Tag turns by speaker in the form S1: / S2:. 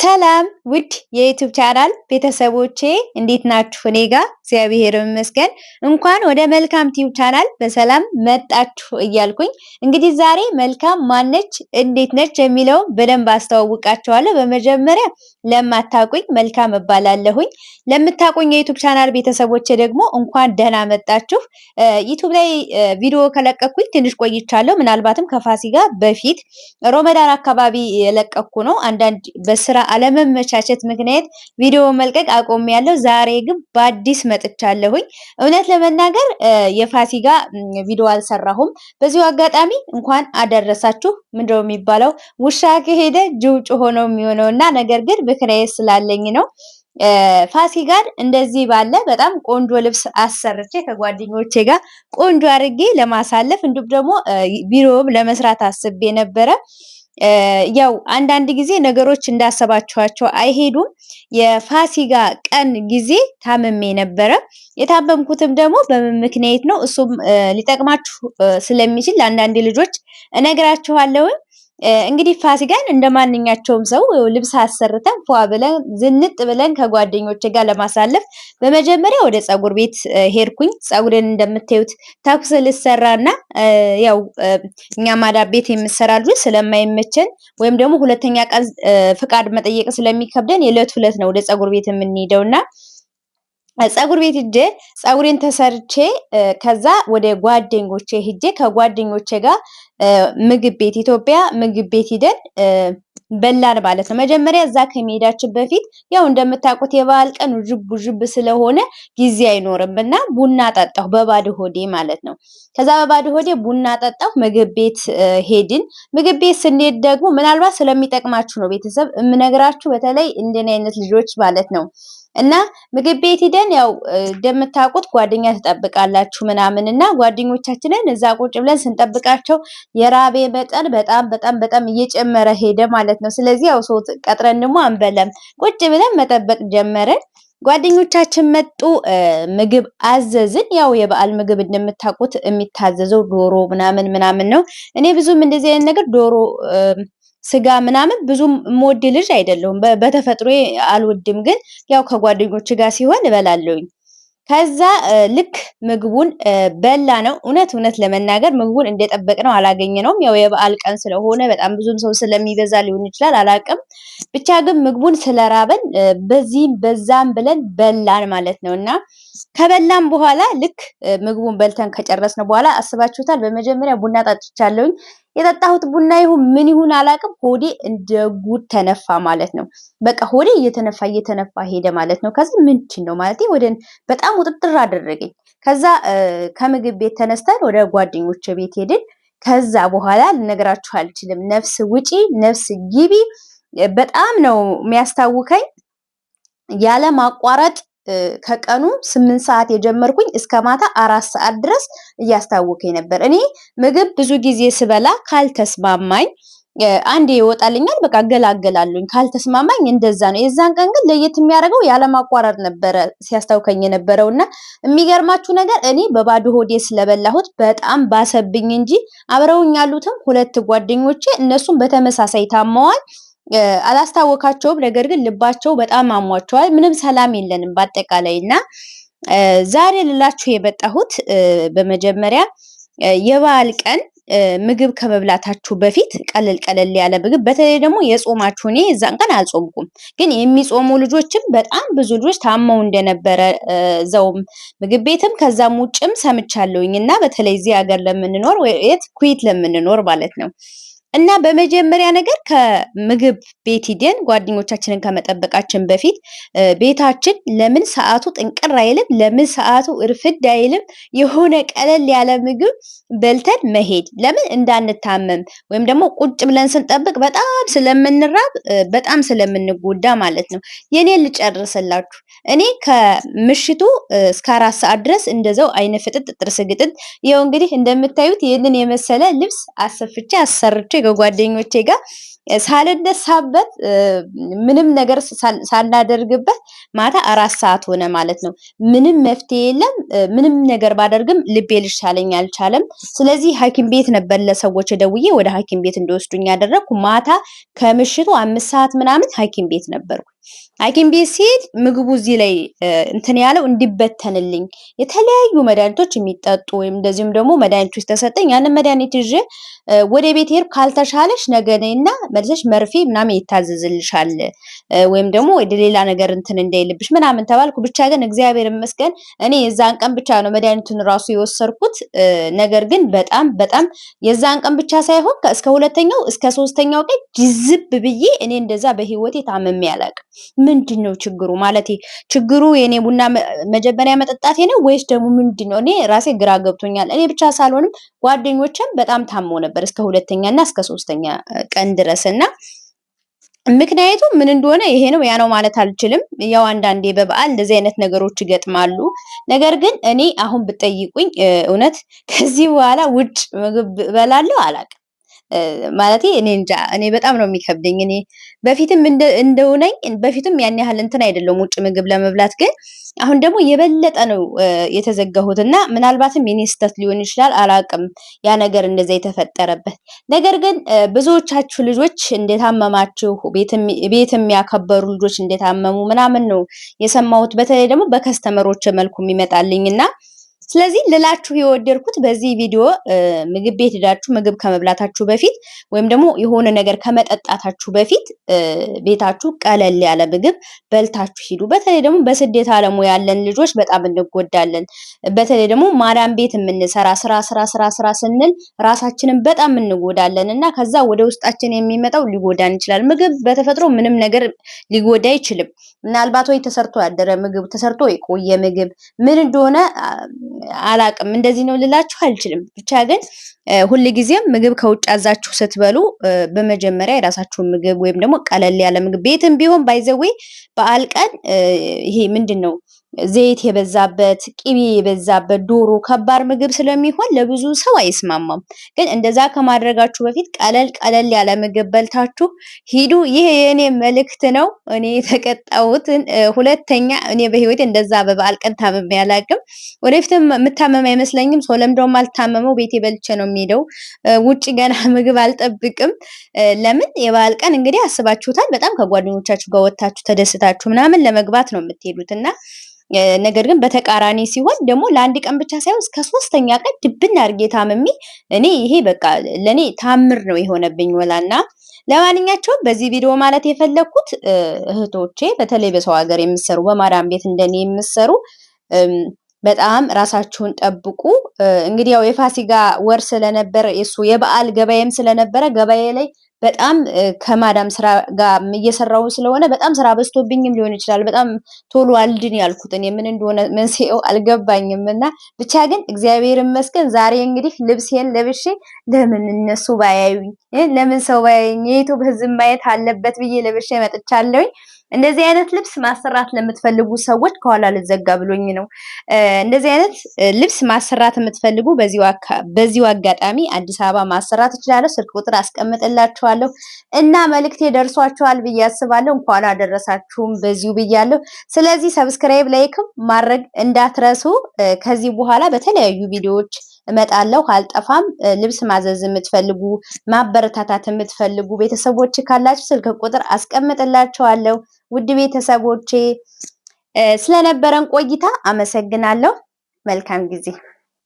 S1: ሰላም ውድ የዩቱብ ቻናል ቤተሰቦቼ እንዴት ናችሁ? እኔ ጋር እግዚአብሔር ይመስገን። እንኳን ወደ መልካም ቲዩብ ቻናል በሰላም መጣችሁ እያልኩኝ እንግዲህ ዛሬ መልካም ማነች እንዴት ነች የሚለው በደንብ አስተዋውቃችኋለሁ። በመጀመሪያ ለማታቁኝ መልካም እባላለሁኝ። ለምታቁኝ የዩቱብ ቻናል ቤተሰቦች ደግሞ እንኳን ደህና መጣችሁ። ዩቱብ ላይ ቪዲዮ ከለቀኩኝ ትንሽ ቆይቻለሁ። ምናልባትም ከፋሲካ በፊት ሮመዳን አካባቢ የለቀኩ ነው። አንዳንድ በስራ አለመመቻቸት ምክንያት ቪዲዮ መልቀቅ አቆሚያለሁ። ዛሬ ግን በአዲስ መጥቻለሁኝ። እውነት ለመናገር የፋሲጋ ቪዲዮ አልሰራሁም። በዚሁ አጋጣሚ እንኳን አደረሳችሁ። ምንድነው የሚባለው ውሻ ከሄደ ጅውጭ ጮሆ የሚሆነው እና ነገር ግን ምክንያት ስላለኝ ነው ፋሲካን እንደዚህ ባለ በጣም ቆንጆ ልብስ አሰርቼ ከጓደኞቼ ጋር ቆንጆ አድርጌ ለማሳለፍ እንዲሁም ደግሞ ቢሮም ለመስራት አስቤ ነበረ። ያው አንዳንድ ጊዜ ነገሮች እንዳሰባችኋቸው አይሄዱም። የፋሲጋ ቀን ጊዜ ታመሜ ነበረ። የታመምኩትም ደግሞ በምን ምክንያት ነው? እሱም ሊጠቅማችሁ ስለሚችል ለአንዳንድ ልጆች እነግራችኋለሁኝ። እንግዲህ ፋሲካን እንደ ማንኛቸውም ሰው ልብስ አሰርተን ፏ ብለን ዝንጥ ብለን ከጓደኞች ጋር ለማሳለፍ በመጀመሪያ ወደ ፀጉር ቤት ሄድኩኝ። ፀጉሬን እንደምታዩት ተኩስ እና ያው እኛ ማዳ ቤት የምሰራ ስለማይመቸን ወይም ደግሞ ሁለተኛ ቀን ፍቃድ መጠየቅ ስለሚከብደን የዕለት ሁለት ነው ወደ ፀጉር ቤት እና ፀጉር ቤት ሂጄ ጸጉሬን ተሰርቼ ከዛ ወደ ጓደኞቼ ሂጄ ከጓደኞቼ ጋር ምግብ ቤት ኢትዮጵያ ምግብ ቤት ሂደን በላን ማለት ነው። መጀመሪያ እዛ ከመሄዳችን በፊት ያው እንደምታውቁት የበዓል ቀን ውዥብ ውዥብ ስለሆነ ጊዜ አይኖርም እና ቡና ጠጣሁ በባዶ ሆዴ ማለት ነው። ከዛ በባዶ ሆዴ ቡና ጠጣሁ። ምግብ ቤት ሄድን። ምግብ ቤት ስንሄድ ደግሞ ምናልባት ስለሚጠቅማችሁ ነው ቤተሰብ የምነግራችሁ፣ በተለይ እንደኔ አይነት ልጆች ማለት ነው እና ምግብ ቤት ሂደን ያው እንደምታውቁት ጓደኛ ትጠብቃላችሁ ምናምን እና ጓደኞቻችንን እዛ ቁጭ ብለን ስንጠብቃቸው የራቤ መጠን በጣም በጣም በጣም እየጨመረ ሄደ ማለት ነው። ስለዚህ ያው ሰው ቀጥረን ደግሞ አንበለም ቁጭ ብለን መጠበቅ ጀመረን። ጓደኞቻችን መጡ፣ ምግብ አዘዝን። ያው የበዓል ምግብ እንደምታውቁት የሚታዘዘው ዶሮ ምናምን ምናምን ነው። እኔ ብዙም እንደዚህ አይነት ነገር ዶሮ ስጋ ምናምን ብዙ ሞድ ልጅ አይደለሁም። በተፈጥሮ አልወድም፣ ግን ያው ከጓደኞች ጋር ሲሆን እበላለሁኝ። ከዛ ልክ ምግቡን በላ ነው። እውነት እውነት ለመናገር ምግቡን እንደጠበቅ ነው አላገኘ ነውም። ያው የበዓል ቀን ስለሆነ በጣም ብዙም ሰው ስለሚበዛ ሊሆን ይችላል አላቅም። ብቻ ግን ምግቡን ስለራበን በዚህም በዛም ብለን በላን ማለት ነው። እና ከበላም በኋላ ልክ ምግቡን በልተን ከጨረስነው በኋላ አስባችሁታል፣ በመጀመሪያ ቡና ጠጥቻለሁኝ። የጠጣሁት ቡና ይሁን ምን ይሁን አላቅም፣ ሆዴ እንደ ጉድ ተነፋ ማለት ነው። በቃ ሆዴ እየተነፋ እየተነፋ ሄደ ማለት ነው። ከዚህ ምንድን ነው ማለት ወደ በጣም ውጥጥር አደረገኝ። ከዛ ከምግብ ቤት ተነስተን ወደ ጓደኞች ቤት ሄድን። ከዛ በኋላ ልነግራችሁ አልችልም። ነፍስ ውጪ ነፍስ ግቢ በጣም ነው የሚያስታውከኝ ያለ ማቋረጥ ከቀኑ ስምንት ሰዓት የጀመርኩኝ እስከ ማታ አራት ሰዓት ድረስ እያስታወከኝ ነበር። እኔ ምግብ ብዙ ጊዜ ስበላ ካልተስማማኝ አንዴ ይወጣልኛል፣ በቃ እገላገላለሁኝ። ካልተስማማኝ እንደዛ ነው። የዛን ቀን ግን ለየት የሚያደርገው ያለማቋረጥ ነበረ ሲያስታውከኝ የነበረው እና የሚገርማችሁ ነገር እኔ በባዶ ሆዴ ስለበላሁት በጣም ባሰብኝ እንጂ አብረውኝ ያሉትም ሁለት ጓደኞቼ እነሱም በተመሳሳይ ታመዋል። አላስታወካቸውም። ነገር ግን ልባቸው በጣም አሟቸዋል። ምንም ሰላም የለንም በአጠቃላይ እና ዛሬ ልላችሁ የመጣሁት በመጀመሪያ የበዓል ቀን ምግብ ከመብላታችሁ በፊት ቀለል ቀለል ያለ ምግብ በተለይ ደግሞ የጾማችሁ እኔ እዛን ቀን አልጾምኩም፣ ግን የሚጾሙ ልጆችም በጣም ብዙ ልጆች ታመው እንደነበረ እዛውም ምግብ ቤትም ከዛም ውጭም ሰምቻለሁኝ እና በተለይ እዚህ ሀገር ለምንኖር የት ኩዌት ለምንኖር ማለት ነው እና በመጀመሪያ ነገር ከምግብ ቤት ሂደን ጓደኞቻችንን ከመጠበቃችን በፊት ቤታችን ለምን ሰዓቱ ጥንቅር አይልም? ለምን ሰዓቱ እርፍድ አይልም? የሆነ ቀለል ያለ ምግብ በልተን መሄድ ለምን እንዳንታመም ወይም ደግሞ ቁጭ ብለን ስንጠብቅ በጣም ስለምንራብ በጣም ስለምንጎዳ ማለት ነው። የኔ ልጨርስላችሁ። እኔ ከምሽቱ እስከ አራት ሰዓት ድረስ እንደዛው አይነ ፍጥጥ ጥርስ ግጥጥ። ይኸው እንግዲህ እንደምታዩት ይህንን የመሰለ ልብስ አሰፍቼ አሰርቼ ከጓደኞቼ ጋር ሳልነሳበት ምንም ነገር ሳናደርግበት ማታ አራት ሰዓት ሆነ ማለት ነው። ምንም መፍትሄ የለም። ምንም ነገር ባደርግም ልቤ ልሻለኝ አልቻለም። ስለዚህ ሐኪም ቤት ነበር ለሰዎች ደውዬ ወደ ሐኪም ቤት እንደወስዱኝ ያደረግኩ። ማታ ከምሽቱ አምስት ሰዓት ምናምን ሐኪም ቤት ነበርኩ። ሐኪም ቤት ሲሄድ ምግቡ እዚህ ላይ እንትን ያለው እንዲበተንልኝ የተለያዩ መድኃኒቶች የሚጠጡ ወይም እንደዚሁም ደግሞ መድኃኒቶች ተሰጠኝ ያንን መድኃኒት ይዤ ወደ ቤት ሄድኩ። ካልተሻለሽ ነገ ነይና መልሰሽ መርፌ ምናምን ይታዘዝልሻል ወይም ደግሞ ወደ ሌላ ነገር እንትን እንዳይልብሽ ምናምን ተባልኩ። ብቻ ግን እግዚአብሔር ይመስገን እኔ የዛን ቀን ብቻ ነው መድኃኒቱን ራሱ የወሰድኩት። ነገር ግን በጣም በጣም የዛን ቀን ብቻ ሳይሆን እስከ ሁለተኛው እስከ ሶስተኛው ቀን ጅዝብ ብዬ እኔ እንደዛ በህይወቴ ታምሜ አላውቅም። ምንድን ነው ችግሩ? ማለት ችግሩ የኔ ቡና መጀመሪያ መጠጣቴ ነው ወይስ ደግሞ ምንድን ነው? እኔ ራሴ ግራ ገብቶኛል። እኔ ብቻ ሳልሆንም ጓደኞችም በጣም ታመው ነበር እስከ ሁለተኛ እና እስከ ሶስተኛ ቀን ድረስ እና ምክንያቱም ምን እንደሆነ ይሄ ነው ያ ነው ማለት አልችልም። ያው አንዳንዴ በበዓል እንደዚህ አይነት ነገሮች ይገጥማሉ። ነገር ግን እኔ አሁን ብጠይቁኝ እውነት ከዚህ በኋላ ውጭ ምግብ እበላለሁ አላውቅም። ማለት እኔ እንጃ እኔ በጣም ነው የሚከብደኝ። እኔ በፊትም ነኝ፣ በፊትም ያን ያህል እንትን አይደለም ውጭ ምግብ ለመብላት ግን አሁን ደግሞ የበለጠ ነው የተዘጋሁት እና ምናልባትም የኔ ስህተት ሊሆን ይችላል አላቅም፣ ያ ነገር እንደዛ የተፈጠረበት ነገር ግን ብዙዎቻችሁ ልጆች እንደታመማችሁ ቤት የሚያከበሩ ልጆች እንደታመሙ ምናምን ነው የሰማሁት። በተለይ ደግሞ በከስተመሮች መልኩ የሚመጣልኝ እና ስለዚህ ልላችሁ የወደድኩት በዚህ ቪዲዮ ምግብ ቤት ሄዳችሁ ምግብ ከመብላታችሁ በፊት ወይም ደግሞ የሆነ ነገር ከመጠጣታችሁ በፊት ቤታችሁ ቀለል ያለ ምግብ በልታችሁ ሂዱ። በተለይ ደግሞ በስደት ዓለሙ ያለን ልጆች በጣም እንጎዳለን። በተለይ ደግሞ ማዳም ቤት የምንሰራ ስራ ስራ ስራ ስራ ስንል ራሳችንን በጣም እንጎዳለን እና ከዛ ወደ ውስጣችን የሚመጣው ሊጎዳን ይችላል። ምግብ በተፈጥሮ ምንም ነገር ሊጎዳ አይችልም። ምናልባት ወይ ተሰርቶ ያደረ ምግብ፣ ተሰርቶ የቆየ ምግብ ምን እንደሆነ አላቅም እንደዚህ ነው ልላችሁ አልችልም። ብቻ ግን ሁል ጊዜም ምግብ ከውጭ አዛችሁ ስትበሉ በመጀመሪያ የራሳችሁን ምግብ ወይም ደግሞ ቀለል ያለ ምግብ ቤትም ቢሆን ባይዘዌ በዓል ቀን ይሄ ምንድን ነው ዘይት የበዛበት ቅቤ የበዛበት ዶሮ ከባድ ምግብ ስለሚሆን ለብዙ ሰው አይስማማም። ግን እንደዛ ከማድረጋችሁ በፊት ቀለል ቀለል ያለ ምግብ በልታችሁ ሂዱ። ይህ የእኔ መልእክት ነው። እኔ የተቀጣሁትን ሁለተኛ እኔ በህይወቴ እንደዛ በበዓል ቀን ታመሜ አላውቅም። ወደፊትም የምታመም አይመስለኝም። ሰው ለምደውም አልታመመው ቤቴ በልቼ ነው የሚሄደው። ውጭ ገና ምግብ አልጠብቅም። ለምን የበዓል ቀን እንግዲህ አስባችሁታል። በጣም ከጓደኞቻችሁ ጋር ወጥታችሁ ተደስታችሁ ምናምን ለመግባት ነው የምትሄዱት እና ነገር ግን በተቃራኒ ሲሆን ደግሞ ለአንድ ቀን ብቻ ሳይሆን እስከ ሶስተኛ ቀን ድብን አድርጌ ታምሜ እኔ ይሄ በቃ ለእኔ ታምር ነው የሆነብኝ ወላና ለማንኛቸውም በዚህ ቪዲዮ ማለት የፈለግኩት እህቶቼ በተለይ በሰው ሀገር የምሰሩ በማዳም ቤት እንደኔ የምሰሩ በጣም ራሳችሁን ጠብቁ። እንግዲህ ያው የፋሲጋ ወር ስለነበረ የሱ የበዓል ገበያም ስለነበረ ገበያ ላይ በጣም ከማዳም ስራ ጋር እየሰራው ስለሆነ በጣም ስራ በዝቶብኝም ሊሆን ይችላል። በጣም ቶሎ አልድን ያልኩት የምን እንደሆነ መንስኤው አልገባኝም። እና ብቻ ግን እግዚአብሔር ይመስገን ዛሬ እንግዲህ ልብሴን ለብሼ ለምን እነሱ ባያዩኝ፣ ለምን ሰው ባያዩኝ፣ የኢትዮ ህዝብ ማየት አለበት ብዬ ለብሼ መጥቻለሁኝ። እንደዚህ አይነት ልብስ ማሰራት ለምትፈልጉ ሰዎች ከኋላ ልዘጋ ብሎኝ ነው። እንደዚህ አይነት ልብስ ማሰራት የምትፈልጉ በዚሁ አጋጣሚ አዲስ አበባ ማሰራት እችላለሁ። ስልክ ቁጥር አስቀምጥላችኋል። አስባለሁ እና መልእክቴ ደርሷችኋል ብዬ አስባለሁ። እንኳን አደረሳችሁም በዚሁ ብያለሁ። ስለዚህ ሰብስክራይብ፣ ላይክም ማድረግ እንዳትረሱ። ከዚህ በኋላ በተለያዩ ቪዲዮዎች እመጣለሁ አልጠፋም። ልብስ ማዘዝ የምትፈልጉ ማበረታታት የምትፈልጉ ቤተሰቦች ካላችሁ ስልክ ቁጥር አስቀምጥላችኋለሁ። ውድ ቤተሰቦቼ ስለነበረን ቆይታ አመሰግናለሁ። መልካም ጊዜ